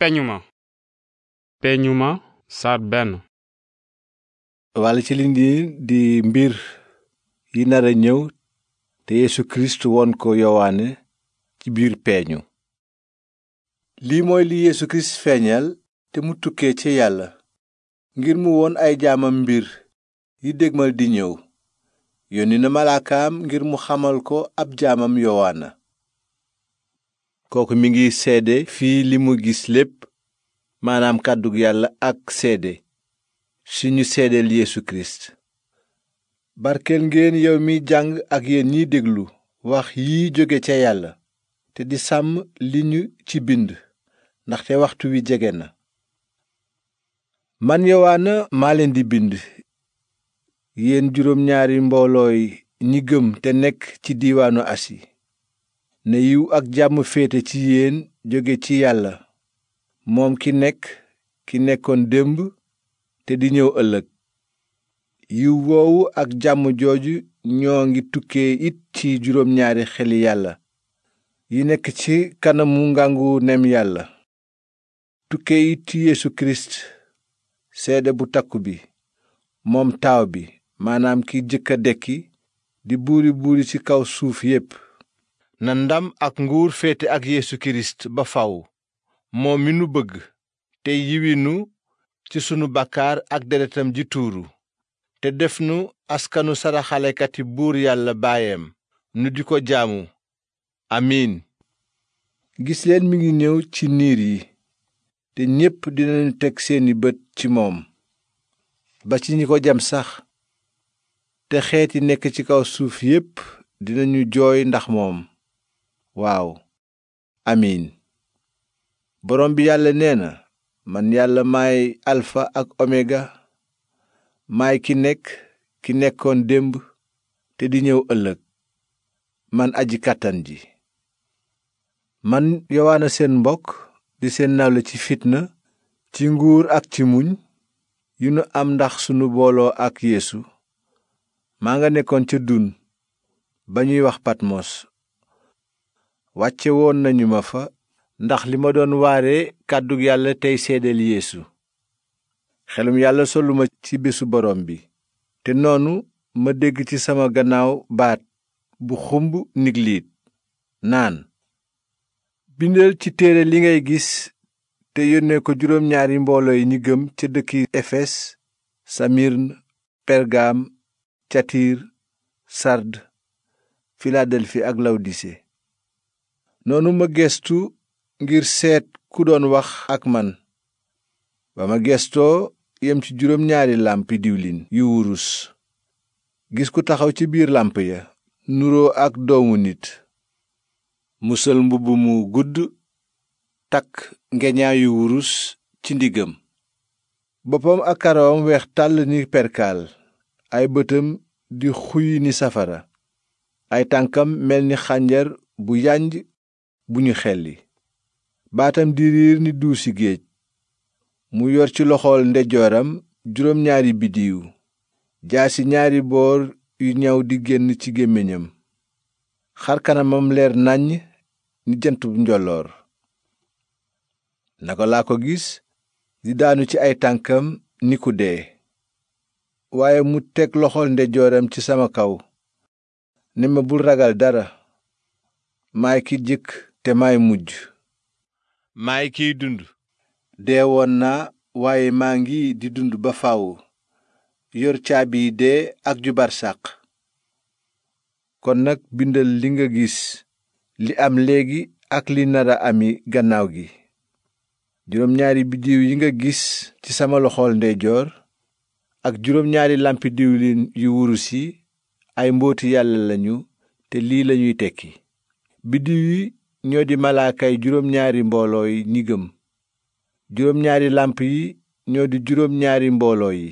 peñuma peñuma benn walla ci li di mbir yi nara ñëw te Yeesu Kirist won ko Yowaane ci biir peeñu lii mooy li Yeesu Kirist feeñal te mu tukkee ci yàlla ngir mu won ay jaamam mbir yi dégmal di ñëw yónni na malaakaam ngir mu xamal ko ab jaamam Yowaana kooku mi ngi seede fii li mu gis lépp maanaam kàddu yàlla ak seede si ñu seedeel Yeesu Kirist barkeel ngeen yow mi jàng ak yéen ñiy déglu wax yi jóge ca yàlla te di sàmm li ñu ci bind ndaxte waxtu wi jege na man yowaana maa leen di bind yéen juróom ñaari mboolooy ñi gëm te nekk ci diiwaanu asi ne yiw ak jàmm féete ci yéen jóge ci yàlla moom ki nekk ki nekkoon démb te di ñëw ëllëg yiw woowu ak jàmm jooju ñoo ngi tukkee it ci juróom ñaari xeli yàlla yi nekk ci kanamu ngangu nem yàlla tukkee it ci Yeesu Kirist seede bu takku bi moom taaw bi maanaam ki jëkk a dekki di buuri buuri ci kaw suuf yépp na ndam ak nguur féete ak Yeesu Kirist ba faw moom mi nu bëgg te yiwinu ci sunu bakkaar ak deretam ji tuuru te def nu askanu saraxalekati buur yàlla baayam nu di ko jaamu amiin gis leen mi ngi ñëw ci niir yi te ñépp dinañu teg seeni bët ci moom ba ci ñi ko jam sax te xeeti nekk ci kaw suuf yépp dinañu jooy ndax moom waaw amiin borom bi yàlla nee na man yàlla maay alfa ak omega maay ki nekk ki nekkoon démb te di ñëw ëllëg man aji kàttan ji man yowaana seen mbokk di seen nawle ci fitna ci nguur ak ci muñ yu nu am ndax sunu booloo ak yéesu maa nga nekkoon ca dun ba ñuy wax patmos wàcce woon nañu ma fa ndax li ma doon waare kàddu yàlla tey seedeel yéesu xelum yàlla soluma ci bésu borom bi te noonu ma dégg ci sama gannaaw baat bu xumb nigliit naan bindal ci téere li ngay gis te yónnee ko juróom ñaari mbooloo yi ñi gëm ca dëkk efes samirn pergaam catiir sard filadelfi ak lawdise noonu ma gestu ngir seet ku doon wax ak man ba ma gestoo yem ci juróom ñaari làmpi diwlin yu wurus gis ku taxaw ci biir làmp ya nuroo ak doomu nit mu mbubb mu gudd takk ngeñaa yu wurus ci ndiggam boppam ak karawam weex tàll ni perkaal ay bëtam di xuy ni safara ay tànkam mel ni xànjar bu yànj bu ñu xelli baatam di riir ni duusi géej mu yor ci loxool ndejooram juróom ñaari biddiw ci ñaari boor yu ñaw di génn ci gémmiñam xar kanamam leer nàññ ni jant bu njolloor naka laa ko gis di daanu ci ay tànkam ni ku dee waaye mu teg loxool ndejooram ci sama kaw ne ma bul ragal dara maay ki jëkk te maay mujj maay kiy dund deewoon naa waaye maa ngi di dund ba faw yor caabi yi dee ak ju barsàq kon nag bindal li nga gis li am léegi ak li nara ami gannaaw gi juróom ñaari biddiw yi nga gis ci sama loxool ndeyjoor ak juróom ñaari làmpi diwlin yu wurus yi ay mbooti yàlla lañu te lii lañuy tekki ñoo di malaakay juróom ñaari mbooloo yi ñi gëm juróom ñaari làmp yi ñoo di juróom ñaari mbooloo yi